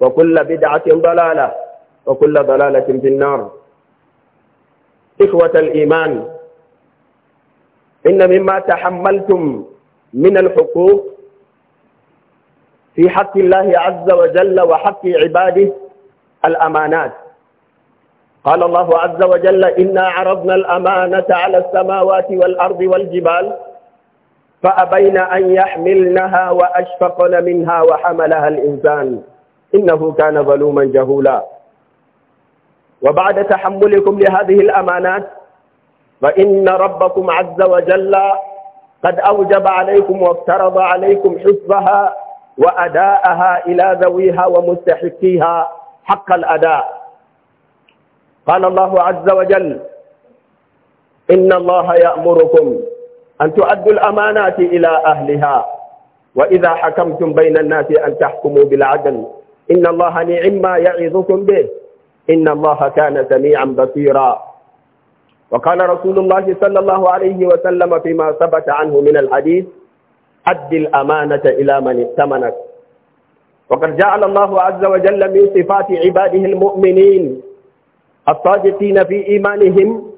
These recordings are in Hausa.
وكل بدعة ضلالة وكل ضلالة في النار إخوة الإيمان إن مما تحملتم من الحقوق في حق الله عز وجل وحق عباده الأمانات قال الله عز وجل إنا عرضنا الأمانة على السماوات والأرض والجبال فأبين أن يحملنها وأشفقن منها وحملها الإنسان إنه كان ظلوما جهولا وبعد تحملكم لهذه الأمانات فإن ربكم عز وجل قد أوجب عليكم وافترض عليكم حفظها وأداءها إلى ذويها ومستحقيها حق الأداء قال الله عز وجل إن الله يأمركم أن تؤدوا الأمانات إلى أهلها وإذا حكمتم بين الناس أن تحكموا بالعدل إن الله نعم ما يعظكم به إن الله كان سميعا بصيرا وقال رسول الله صلى الله عليه وسلم فيما ثبت عنه من الحديث أد الأمانة إلى من ائتمنك وقد جعل الله عز وجل من صفات عباده المؤمنين الصادقين في إيمانهم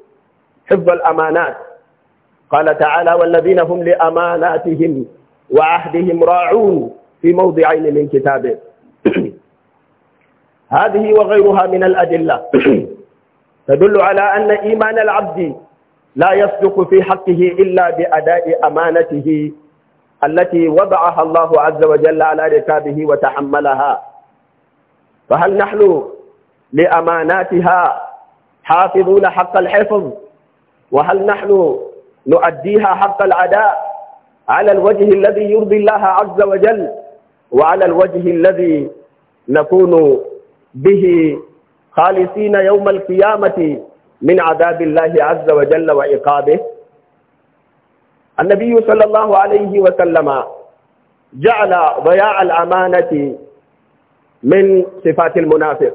حفظ الأمانات قال تعالى والذين هم لأماناتهم وعهدهم راعون في موضعين من كتابه هذه وغيرها من الأدلة تدل على أن إيمان العبد لا يصدق في حقه إلا بأداء أمانته التي وضعها الله عز وجل على ركابه وتحملها فهل نحن لأماناتها حافظون حق الحفظ وهل نحن نؤديها حق العداء على الوجه الذي يرضي الله عز وجل وعلى الوجه الذي نكون به خالصين يوم القيامة من عذاب الله عز وجل وعقابه النبي صلى الله عليه وسلم جعل ضياع الأمانة من صفات المنافق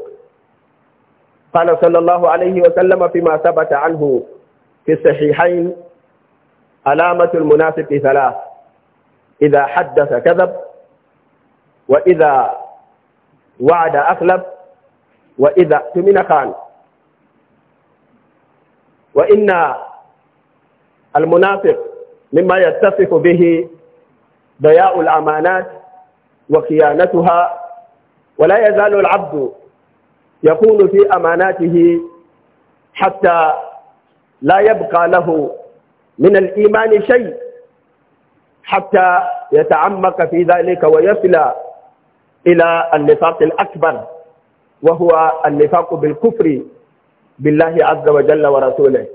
قال صلى الله عليه وسلم فيما ثبت عنه في الصحيحين علامة المنافق ثلاث إذا حدث كذب وإذا وعد أخلف وإذا تمنا كان وإن المنافق مما يتصف به ضياء الأمانات وخيانتها ولا يزال العبد يكون في أماناته حتى لا يبقى له من الإيمان شيء حتى يتعمق في ذلك ويصل إلى النفاق الأكبر وهو النفاق بالكفر بالله عز وجل ورسوله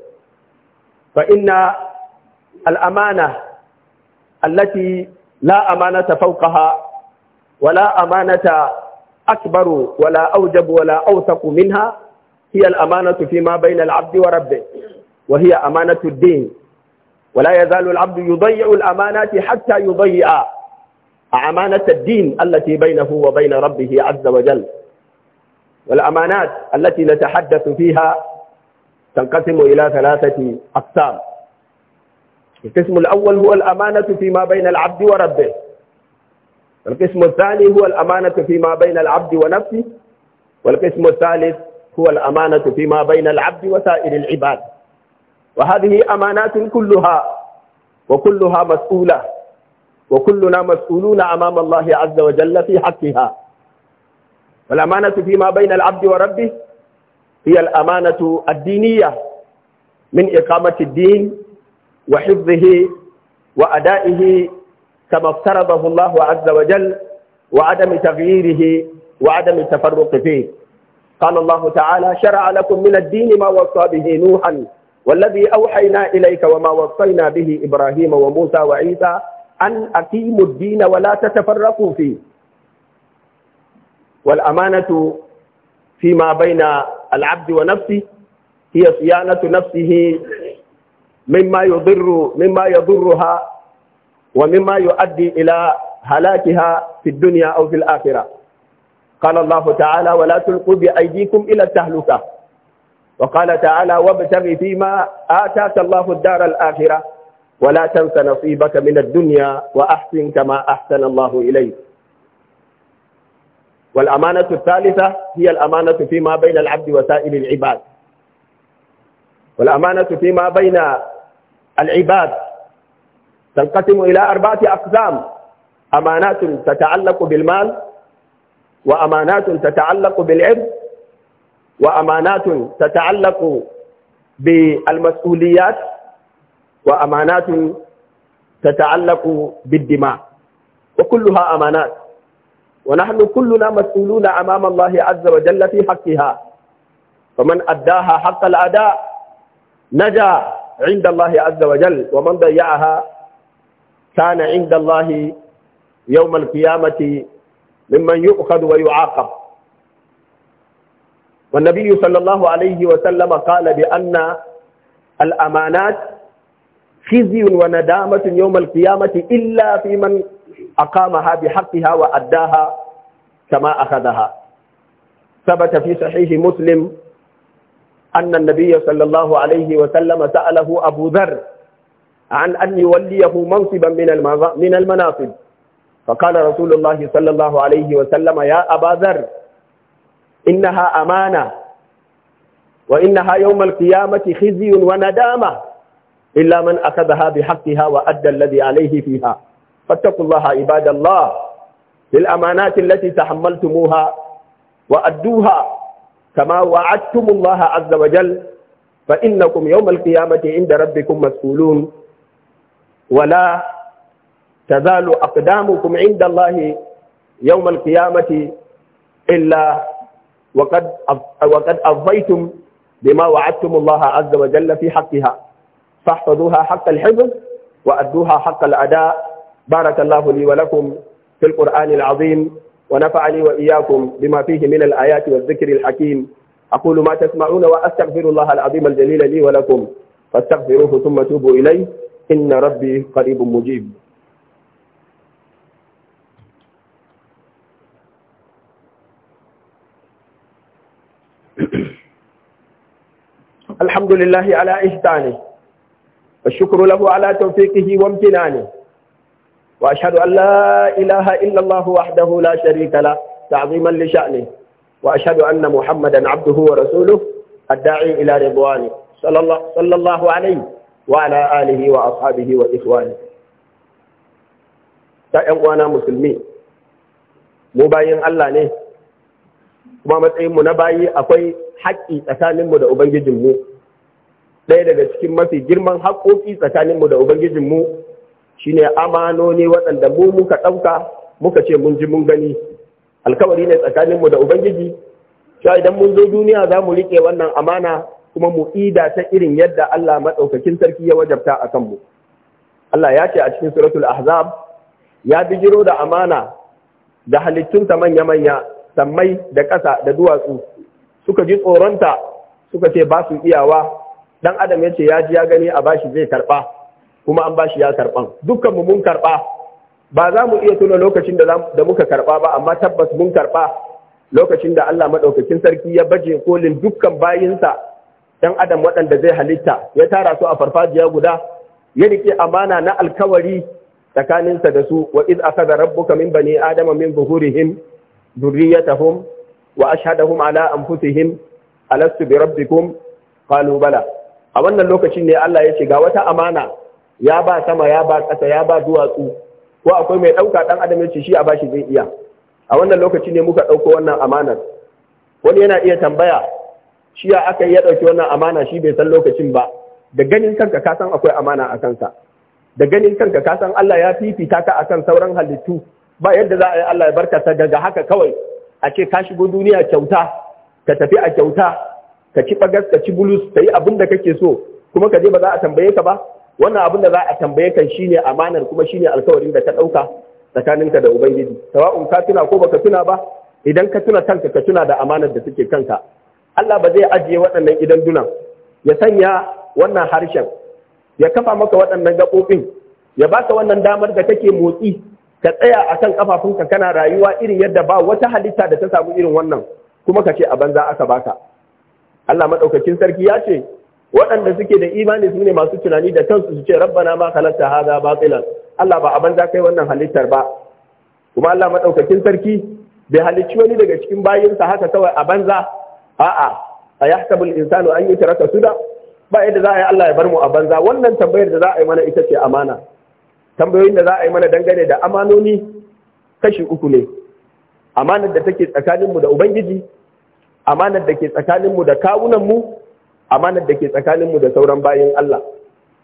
فإن الأمانة التي لا أمانة فوقها ولا أمانة أكبر ولا أوجب ولا أوثق منها هي الأمانة فيما بين العبد وربه وهي أمانة الدين ولا يزال العبد يضيع الأمانات حتى يضيع أمانة الدين التي بينه وبين ربه عز وجل والأمانات التي نتحدث فيها تنقسم إلى ثلاثة أقسام القسم الأول هو الأمانة فيما بين العبد وربه القسم الثاني هو الأمانة فيما بين العبد ونفسه والقسم الثالث هو الأمانة فيما بين العبد وسائر العباد وهذه أمانات كلها وكلها مسؤولة وكلنا مسؤولون أمام الله عز وجل في حقها والأمانة فيما بين العبد وربه هي الأمانة الدينية من إقامة الدين وحفظه وأدائه كما افترضه الله عز وجل وعدم تغييره وعدم التفرق فيه قال الله تعالى شرع لكم من الدين ما وصى به نوحا والذي أوحينا إليك وما وصينا به إبراهيم وموسى وعيسى أن أقيموا الدين ولا تتفرقوا فيه والأمانة فيما بين العبد ونفسه هي صيانة نفسه مما يضر مما يضرها ومما يؤدي إلى هلاكها في الدنيا أو في الآخرة قال الله تعالى ولا تلقوا بأيديكم إلى التهلكة وقال تعالى وابتغ فيما آتاك الله الدار الآخرة ولا تنس نصيبك من الدنيا وأحسن كما أحسن الله إليك والأمانة الثالثة هي الأمانة فيما بين العبد وسائر العباد والأمانة فيما بين العباد تنقسم إلى أربعة أقسام أمانات تتعلق بالمال وأمانات تتعلق بالعبد وأمانات تتعلق بالمسؤوليات وأمانات تتعلق بالدماء وكلها أمانات ونحن كلنا مسؤولون أمام الله عز وجل في حقها فمن أداها حق الأداء نجا عند الله عز وجل ومن ضيعها كان عند الله يوم القيامة ممن يؤخذ ويعاقب والنبي صلى الله عليه وسلم قال بأن الأمانات خزي وندامة يوم القيامة إلا في من أقامها بحقها وأداها كما أخذها ثبت في صحيح مسلم أن النبي صلى الله عليه وسلم سأله أبو ذر عن أن يوليه منصبا من من المناصب فقال رسول الله صلى الله عليه وسلم يا أبا ذر إنها أمانة وإنها يوم القيامة خزي وندامة إلا من أخذها بحقها وأدى الذي عليه فيها فاتقوا الله عباد الله للأمانات التي تحملتموها وأدوها كما وعدتم الله عز وجل فإنكم يوم القيامة عند ربكم مسؤولون ولا تزال أقدامكم عند الله يوم القيامة إلا وقد وقد أفضيتم بما وعدتم الله عز وجل في حقها فاحفظوها حق الحفظ وأدوها حق الأداء بارك الله لي ولكم في القرآن العظيم ونفعني وإياكم بما فيه من الآيات والذكر الحكيم أقول ما تسمعون وأستغفر الله العظيم الجليل لي ولكم فاستغفروه ثم توبوا إليه إن ربي قريب مجيب الحمد لله على إحسانه والشكر له على توفيقه وامتنانه وأشهد أن لا إله إلا الله وحده لا شريك له تعظيما لشأنه وأشهد أن محمدا عبده ورسوله الداعي إلى رضوانه صلى الله, صلى الله عليه وعلى آله وأصحابه وإخوانه uwana musulmi mu bayin Allah ne kuma matsayin mu na bayi akwai haƙƙi tsakaninmu da Ubangijinmu ɗaya daga cikin mafi girman haƙƙoƙi tsakaninmu da Ubangijinmu shine amanoni waɗanda mu muka ɗauka muka ce mun ji mun gani alkawari ne tsakaninmu da ubangiji cewa idan mun zo duniya za mu riƙe wannan amana kuma mu ida ta irin yadda Allah maɗaukakin sarki ya wajabta a kanmu Allah ya ce a cikin suratul ahzab ya bijiro da amana da halittunta manya-manya sammai da ƙasa da duwatsu suka ji tsoronta suka ce ba su iyawa dan adam ya ce ya ji ya gani a bashi zai karɓa kuma an bashi ya karban dukkan mu mun karba ba za mu iya tuna lokacin da muka karba ba amma tabbas mun karba lokacin da Allah madaukakin sarki ya baje kolin dukkan bayinsa dan adam waɗanda zai halitta ya tara su a farfajiya guda ya rike amana na alkawari tsakaninsa da su wa iz akaza rabbuka min bani adama min zuhurihim dhurriyyatahum wa ashhadahum ala anfusihim alastu bi rabbikum qalu bala a wannan lokacin ne Allah ya ce ga wata amana ya ba sama ya ba ƙasa ya ba duwatsu ko akwai mai ɗauka ɗan adam ce shi a bashi zai iya a wannan lokaci ne muka ɗauko wannan amanar wani yana iya tambaya shi ya aka yi ya ɗauki wannan amana shi bai san lokacin ba da ganin kanka ka san akwai amana a kanka da ganin kanka ka san Allah ya fifita ka akan sauran halittu ba yadda za a yi Allah ya barka ta daga haka kawai a ce ka shigo duniya kyauta ka tafi a kyauta ka ci bagas ka ci bulus ka yi abin da kake so kuma ka je ba za a tambaye ka ba wannan abin da za a tambaye kan shine amanar kuma shine alkawarin da ka ɗauka tsakaninka da ubangiji sawa'un ka tuna ko baka tuna ba idan ka tuna kanka ka tuna da amanar da suke kanka Allah ba zai ajiye waɗannan idan dunan ya sanya wannan harshen ya kafa maka waɗannan gaɓoɓin ya baka wannan damar da kake motsi ka tsaya akan kafafunka kana rayuwa irin yadda ba wata halitta da ta samu irin wannan kuma ka ce a banza aka baka Allah maɗaukakin sarki ya ce waɗanda suke da imani su ne masu tunani da kansu su ce rabbana ma halatta hada batilan Allah ba abin da kai wannan halittar ba kuma Allah madaukakin sarki bai halicci wani daga cikin bayinsa haka kawai a banza a'a a yahsabul insanu an yutraka suda ba yadda za a yi Allah ya bar mu a banza wannan tambayar da za a yi mana ita ce amana tambayoyin da za a yi mana dangane da amanoni kashi uku ne amanar da take tsakaninmu da ubangiji amanar da ke tsakaninmu da kawunanmu amanar da ke tsakaninmu da sauran bayan Allah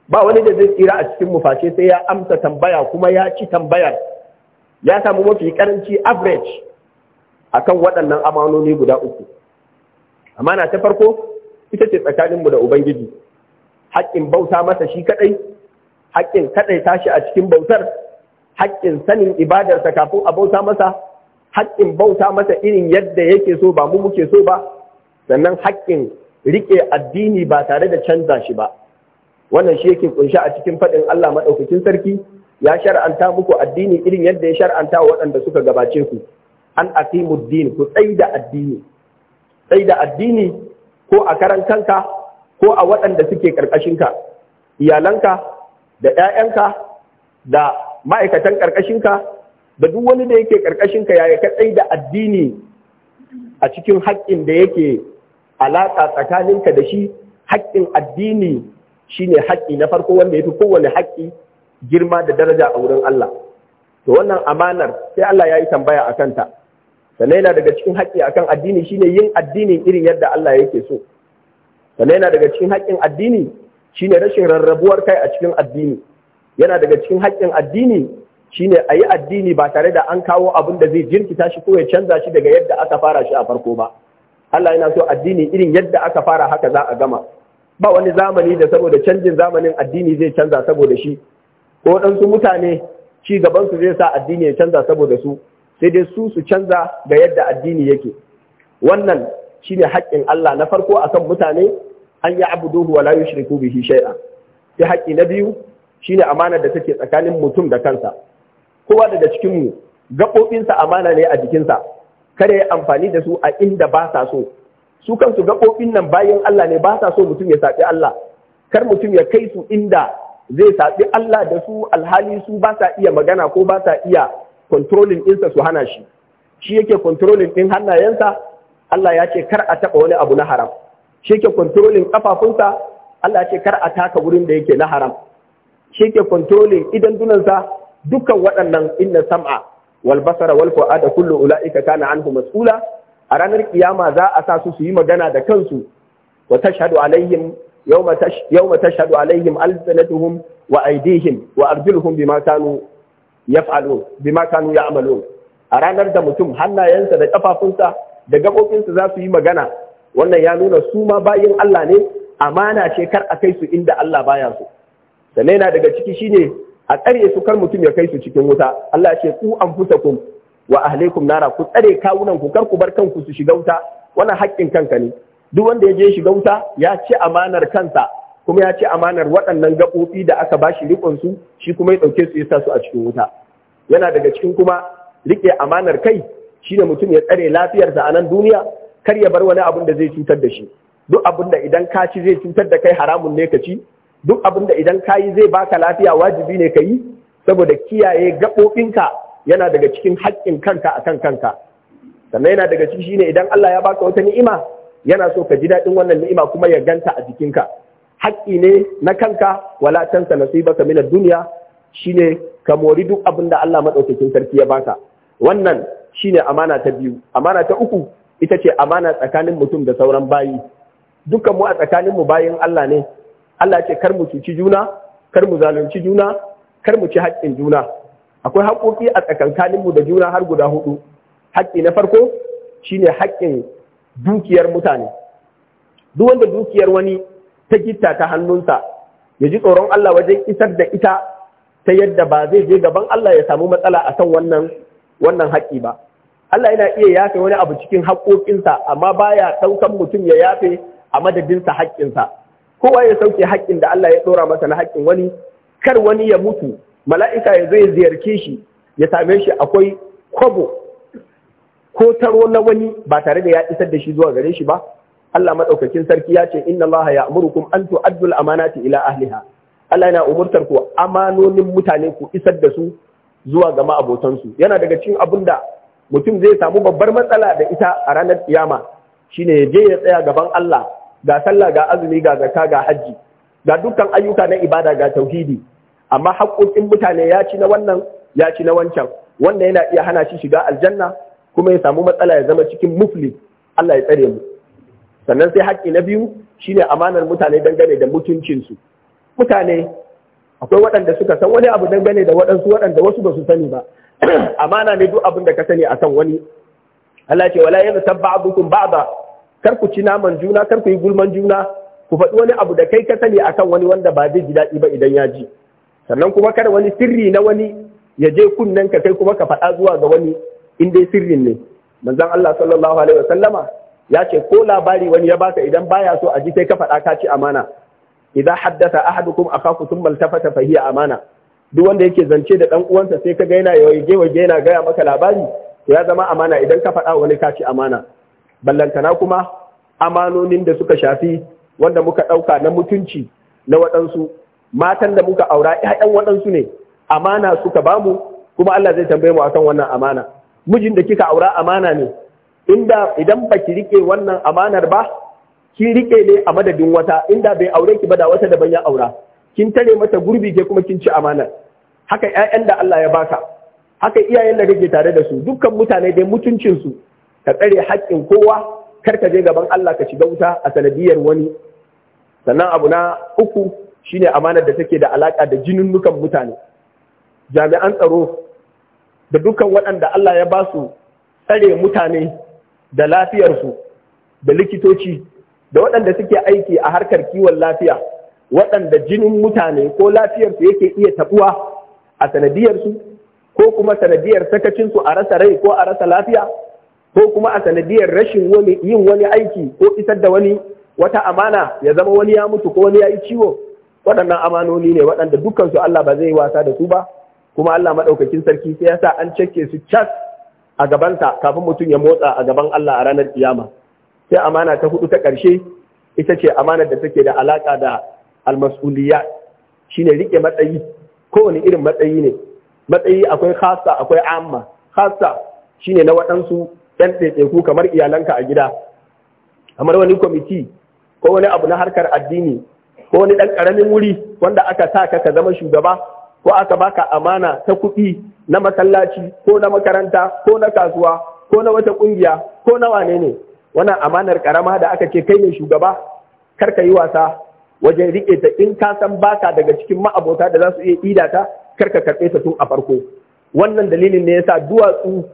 ba wani da zai tsira a cikin mu sai ya amsa tambaya kuma ya ci tambayar ya samu mafi karanci average a kan waɗannan amanoni guda uku amana ta farko ita ce tsakaninmu da ubangiji haƙƙin bauta masa shi kaɗai haƙƙin kaɗai tashi a cikin bautar haƙƙin sanin ibadarsa kafin a bauta masa haƙƙin bauta masa irin yadda yake so ba mu muke so ba sannan haƙƙin Rike addini ba tare da canza shi ba wannan shi yake kunshi a cikin faɗin Allah maɗaukakin sarki ya shar'anta muku addini irin yadda ya shar'anta wa waɗanda suka gabace ku an aqimu din ku tsaida addini tsaida addini ko a karan kanka ko a waɗanda suke karkashinka iyalanka da ƴaƴanka da ma'aikatan karkashinka da duk wani da yake karkashinka yaya ka tsaida addini a cikin haƙƙin da yake alaƙa tsakaninka da shi haƙƙin addini shine haƙƙi na farko wanda ya fi kowane haƙƙi girma da daraja a wurin Allah to wannan amanar sai Allah ya yi tambaya a kanta sannan yana daga cikin haƙƙi akan addini shine yin addinin irin yadda Allah yake so sannan yana daga cikin haƙƙin addini shine rashin rarrabuwar kai a cikin addini yana daga cikin haƙƙin addini shine a yi addini ba tare da an kawo abin da zai jirkita shi ko ya canza shi daga yadda aka fara shi a farko ba Allah yana so addini irin yadda aka fara haka za a gama ba wani zamani da saboda canjin zamanin addini zai canza saboda shi ko su mutane ci gaban su zai sa addini ya canza saboda su sai dai su su canza ga yadda addini yake wannan shine haƙƙin Allah na farko a kan mutane an yi abuduhu wala la yushriku bihi shay'a sai haƙƙi na biyu shine amanar da take tsakanin mutum da kansa kowa daga cikin mu gaɓoɓinsa amana ne a jikinsa kada ya amfani da su a inda ba sa so su kansu gaɓoɓin nan bayan Allah ne ba sa so mutum ya saɓi Allah kar mutum ya kai su inda zai saɓi Allah da su alhali su ba sa iya magana ko ba sa iya controlling ɗinsa su hana shi shi yake controlling ɗin hannayensa Allah ya ce kar a taɓa wani abu na haram shi yake controlling ƙafafunsa Allah ya ce kar a taka wurin da yake na haram shi yake controlling idan dunansa dukkan waɗannan inna sam'a wal basara wal fu'ada kullu ulaika kana anhu mas'ula a ranar kiyama za a sa su su yi magana da kansu wa tashhadu alaihim yawma yawma tashhadu alaihim alsanatuhum wa aydihim wa arjuluhum bima kanu yaf'alun bima kanu ya'malun a ranar da mutum hannayensa da kafafunsa da gabobinsa za su yi magana wannan ya nuna su ma bayin Allah ne amana ce kar a su inda Allah baya su. sannan daga ciki shine a tsare su kar mutum ya kai su cikin wuta Allah ya ce ku anfusakum wa ahlikum nara ku tsare kawunan ku kar ku bar kanku su shiga wuta wannan haƙƙin kanka ne duk wanda ya je shiga wuta ya ci amanar kansa kuma ya ci amanar waɗannan gaɓoɓi da aka ba shi riƙon su shi kuma ya ɗauke su ya sa su a cikin wuta yana daga cikin kuma riƙe amanar kai shine mutum ya tsare lafiyarsa a nan duniya kar ya bar wani abun da zai cutar da shi duk abun da idan ka ci zai cutar da kai haramun ne ka ci duk abin da idan kayi zai baka lafiya wajibi ne kayi, saboda kiyaye gaɓoɓinka yana daga cikin haƙƙin kanka akan kanka sannan yana daga ciki shine idan Allah ya baka wata ni'ima yana so ka ji daɗin wannan ni'ima kuma ya ganta a jikinka haƙƙi ne na kanka wala tansa nasibaka min ad-dunya shine ka mori duk abin da Allah madaukakin sarki ya baka wannan shine amana ta biyu amana ta uku ita ce amana tsakanin mutum da sauran bayi dukkan mu a tsakanin mu bayin Allah ne Allah ce kar mu cuci juna kar mu zalunci juna kar mu ci haƙƙin juna akwai haƙoƙi a tsakankanin mu da juna har guda hudu haƙƙi na farko shine haƙƙin dukiyar mutane duk wanda dukiyar wani ta gitta ta hannunsa ya ji tsoron Allah wajen isar da ita ta yadda ba zai je gaban Allah ya samu matsala a wannan wannan haƙƙi ba Allah yana iya yafe wani abu cikin haƙoƙinsa amma baya ɗaukan mutum ya yafe a madadinsa haƙƙinsa kowa ya sauke haƙƙin da Allah ya ɗora masa na haƙƙin wani kar wani ya mutu mala'ika ya zo ya ziyarce shi ya same shi akwai kwabo ko taro na wani ba tare da ya isar da shi zuwa gare shi ba Allah madaukakin sarki ya ce inna Allah ya'murukum an tu'addu al-amanati ila ahliha Allah yana umurtar ku amanonin mutane ku isar da su zuwa ga ma'abotansu yana daga cikin abin da mutum zai samu babbar matsala da ita a ranar kiyama shine ya je ya tsaya gaban Allah ga sallah ga azumi ga zakka ga hajji ga dukkan ayyuka na ibada ga tauhidi amma haƙƙoƙin mutane ya ci na wannan ya ci na wancan wanda yana iya hana shi shiga aljanna kuma ya samu matsala ya zama cikin mufli Allah ya tsare mu sannan sai haƙƙi na biyu shine amanar mutane dangane da mutuncinsu mutane akwai waɗanda suka san wani abu dangane da waɗansu waɗanda wasu ba su sani ba amana ne duk abin da ka sani akan wani Allah ce wala yanzu tabba'ukum ba'da kar ku ci naman juna kar ku yi gulman juna ku faɗi wani abu da kai ka sani akan wani wanda ba zai ji daɗi ba idan ya ji sannan kuma kada wani sirri na wani ya je kunnen ka kai kuma ka faɗa zuwa ga wani in dai sirrin ne manzon Allah sallallahu alaihi wasallama ya ce ko labari wani ya baka idan baya so a ji sai ka faɗa ka ci amana idza haddatha ahadukum akahu thumma altafata fa hiya amana duk wanda yake zance da dan uwansa sai ka ga yana yawaye yana gaya maka labari to ya zama amana idan ka faɗa wani ka ci amana ballantana kuma amanonin da suka shafi wanda muka ɗauka na mutunci na waɗansu matan da muka aura ‘ya'yan waɗansu ne amana suka bamu kuma Allah zai tambaye mu akan wannan amana mijin da kika aura amana ne inda idan baki rike wannan amanar ba ki rike ne a madadin wata inda bai aure ki ba da wata daban ya aura kin tare mata gurbi ke kuma kin ci amanar haka ‘ya'yan da Allah ya baka haka iyayen da kake tare da su dukkan mutane dai mutuncinsu ka tsare haƙƙin kowa kar ka je gaban Allah ka shiga wuta a sanadiyar wani sannan abu na uku shine amanar da take da alaƙa da jininnukan mutane jami'an tsaro da dukkan waɗanda Allah ya ba su tsare mutane da lafiyarsu da likitoci da waɗanda suke aiki a harkar kiwon lafiya waɗanda jinin mutane ko lafiyarsu yake iya taɓuwa a sanadiyarsu ko kuma sanadiyar sakacinsu a rasa rai ko a rasa lafiya ko kuma a sanadiyar rashin wani yin wani aiki ko isar da wani wata amana ya zama wani ya mutu ko wani ya yi ciwo waɗannan amanoni ne waɗanda dukkansu Allah ba zai wasa da su ba kuma Allah maɗaukakin sarki sai ya sa an cake su cas a gabansa kafin mutum ya motsa a gaban Allah a ranar kiyama sai amana ta hudu ta ƙarshe ita ce amanar da take da alaƙa da almas'uliyya shine rike matsayi kowane irin matsayi ne matsayi akwai khassa akwai amma khassa shine na waɗansu yan ɗaiɗaiku kamar iyalanka a gida kamar wani kwamiti ko wani abu na harkar addini ko wani ɗan ƙaramin wuri wanda aka sa ka zama shugaba ko aka baka amana ta kuɗi na masallaci ko na makaranta ko na kasuwa ko na wata ƙungiya ko na wane ne wannan amanar ƙarama da aka ce kai ne shugaba kar ka yi wasa wajen riƙe ta in ka san baka daga cikin ma'abota da za su iya ida ta kar ka karɓe ta tun a farko wannan dalilin ne ya sa duwatsu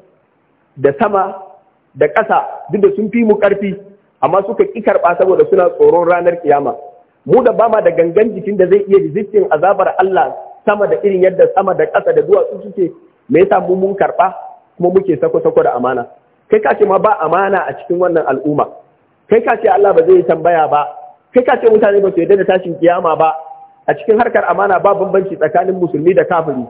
da sama da ƙasa duk da sun fi mu ƙarfi amma suka ƙi karɓa saboda suna tsoron ranar kiyama mu da bama da gangan jikin da zai iya rizistin azabar Allah sama da irin yadda sama da ƙasa da duwatsu suke me yasa mu mun karɓa kuma muke sako sako da amana kai ka ce ma ba amana a cikin wannan al'umma kai ka ce Allah ba zai yi tambaya ba kai ka ce mutane ba su yarda da tashin kiyama ba a cikin harkar amana ba bambanci tsakanin musulmi da kafiri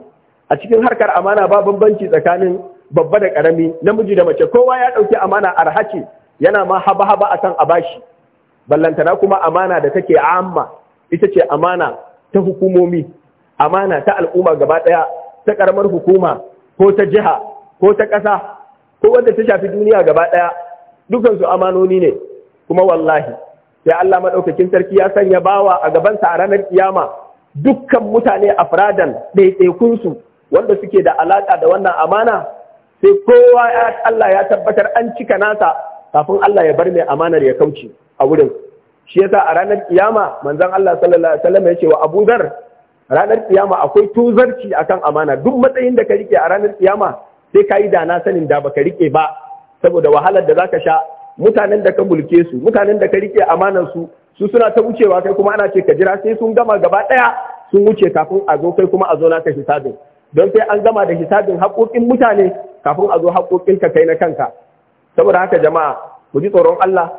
a cikin harkar amana ba bambanci tsakanin babba da karami namiji da mace kowa ya ɗauki amana arhace yana ma haba haba akan a bashi ballantana kuma amana da take amma ita ce amana ta hukumomi amana ta al'umma gaba daya ta karamar hukuma ko ta jiha ko ta ƙasa ko wanda ta shafi duniya gaba daya dukan amanoni ne kuma wallahi sai Allah madaukakin sarki ya sanya bawa a gabansa a ranar kiyama dukkan mutane afradan ɗaiɗaikunsu wanda suke da alaƙa da wannan amana sai kowa Allah ya tabbatar an cika nasa kafin Allah ya bar mai amanar ya kauce a wurin shi yasa a ranar kiyama manzon Allah sallallahu alaihi ya ce wa Abu Dhar ranar ƙiyama akwai tuzarci akan amana duk matsayin da ka rike a ranar kiyama sai ka yi da na sanin da baka rike ba saboda wahalar da zaka sha mutanen da ka mulke su mutanen da ka rike amanar su su suna ta wucewa kai kuma ana ce ka jira sai sun gama gaba ɗaya, sun wuce kafin a zo kai kuma a zo naka hisabin don sai an gama da hisabin haƙoƙin mutane kafin a zo haƙoƙinka kai na kanka saboda haka jama'a mu ji tsoron Allah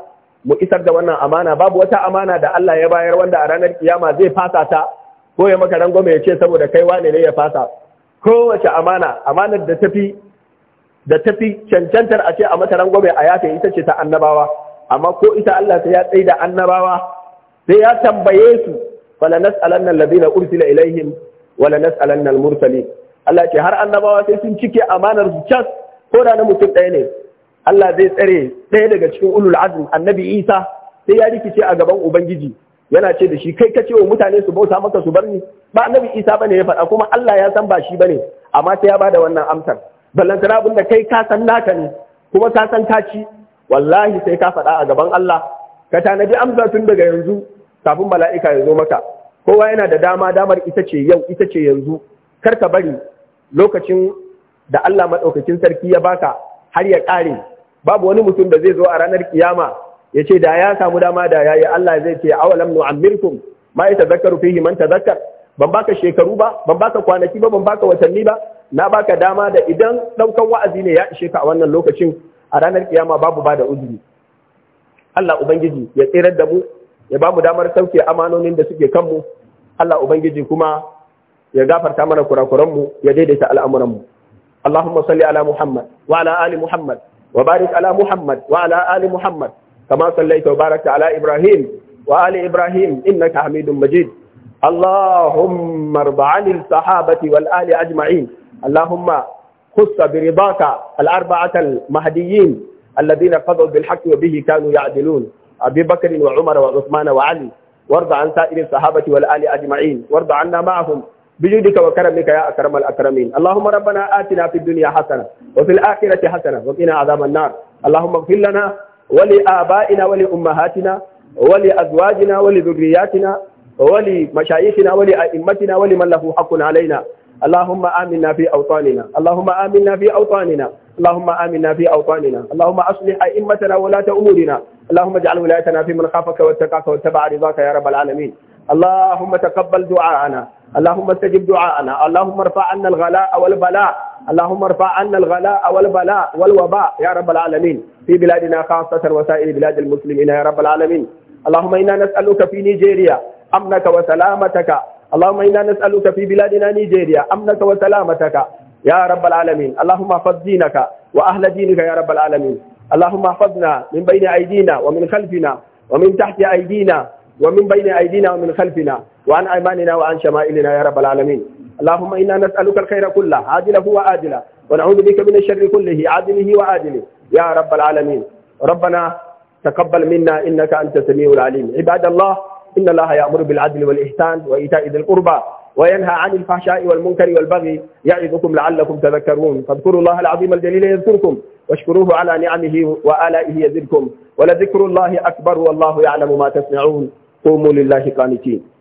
mu isar da wannan amana babu wata amana da Allah ya bayar wanda a ranar kiyama zai fasa ta ko ya maka rangwame ya ce saboda kai wane ne ya fasa kowace amana amanar da tafi da tafi cancantar a ce a mata rangwame a yafe ita ce ta annabawa amma ko ita Allah sai ya tsaye da annabawa sai ya tambaye su fala nas'alanna alladhina ursila ilaihim wala nas'alanna al-mursalin Allah ce har annabawa sai sun cike amanar su cas ko da na mutum ɗaya ne Allah zai tsare ɗaya daga cikin ulul azmi annabi Isa sai ya rikice a gaban ubangiji yana ce da shi kai ka ce wa mutane su bauta maka su bar ni ba annabi Isa bane ya faɗa kuma Allah ya san ba shi bane amma sai ya bada wannan amsar ballantana abin da kai ka san naka ne kuma ka san ka ci wallahi sai ka faɗa a gaban Allah ka tanadi amsa tun daga yanzu kafin mala'ika ya zo maka kowa yana da dama damar ita ce yau ita ce yanzu kar ka bari lokacin da Allah maɗaukakin sarki ya baka har ya ƙare babu wani mutum da zai zo a ranar kiyama ya ce da ya samu dama da ya yi, Allah zai ce awalam nu'ammirkum ma Zakar, fihi man tazakkar ban baka shekaru ba ban baka kwanaki ba ban baka watanni ba na baka dama da idan ɗaukan wa'azi ne ya ishe ka a wannan lokacin a ranar kiyama babu ba da uzuri Allah ubangiji ya tsirar da mu ya ba mu damar sauke amanonin da suke kanmu Allah ubangiji kuma ya gafarta mana kurakuranmu ya daidaita al'amuranmu اللهم صل على محمد وعلى آل محمد وبارك على محمد وعلى آل محمد كما صليت وباركت على إبراهيم وآل إبراهيم إنك حميد مجيد اللهم ارض عن الصحابة والآل أجمعين اللهم خص برضاك الأربعة المهديين الذين قضوا بالحق وبه كانوا يعدلون أبي بكر وعمر وعثمان وعلي وارض عن سائر الصحابة والآل أجمعين وارض عنا معهم بجودك وكرمك يا أكرم الأكرمين اللهم ربنا آتنا في الدنيا حسنة وفي الآخرة حسنة وقنا عذاب النار اللهم اغفر لنا ولآبائنا ولأمهاتنا ولأزواجنا ولذرياتنا ولمشايخنا ولأئمتنا ولمن له حق علينا اللهم آمنا في أوطاننا اللهم آمنا في أوطاننا اللهم آمنا في أوطاننا اللهم أصلح أئمتنا ولاة أمورنا اللهم اجعل ولايتنا في من خافك واتقاك واتبع رضاك يا رب العالمين اللهم تقبل دعاءنا اللهم استجب دعاءنا اللهم ارفع عنا الغلاء والبلاء اللهم ارفع عنا الغلاء والبلاء والوباء يا رب العالمين في بلادنا خاصة وسائر بلاد المسلمين يا رب العالمين اللهم إنا نسألك في نيجيريا أمنك وسلامتك اللهم إنا نسألك في بلادنا نيجيريا أمنك وسلامتك يا رب العالمين اللهم احفظ دينك وأهل دينك يا رب العالمين اللهم احفظنا من بين أيدينا ومن خلفنا ومن تحت أيدينا ومن بين أيدينا ومن خلفنا وعن أيماننا وعن شمائلنا يا رب العالمين اللهم إنا نسألك الخير كله عاجله وآجله ونعوذ بك من الشر كله عاجله وآجله يا رب العالمين ربنا تقبل منا إنك أنت السميع العليم عباد الله إن الله يأمر بالعدل والإحسان وإيتاء ذي القربى وينهى عن الفحشاء والمنكر والبغي يعظكم لعلكم تذكرون فاذكروا الله العظيم الجليل يذكركم واشكروه على نعمه وآلائه يزدكم ولذكر الله أكبر والله يعلم ما تصنعون O lillahi qanitin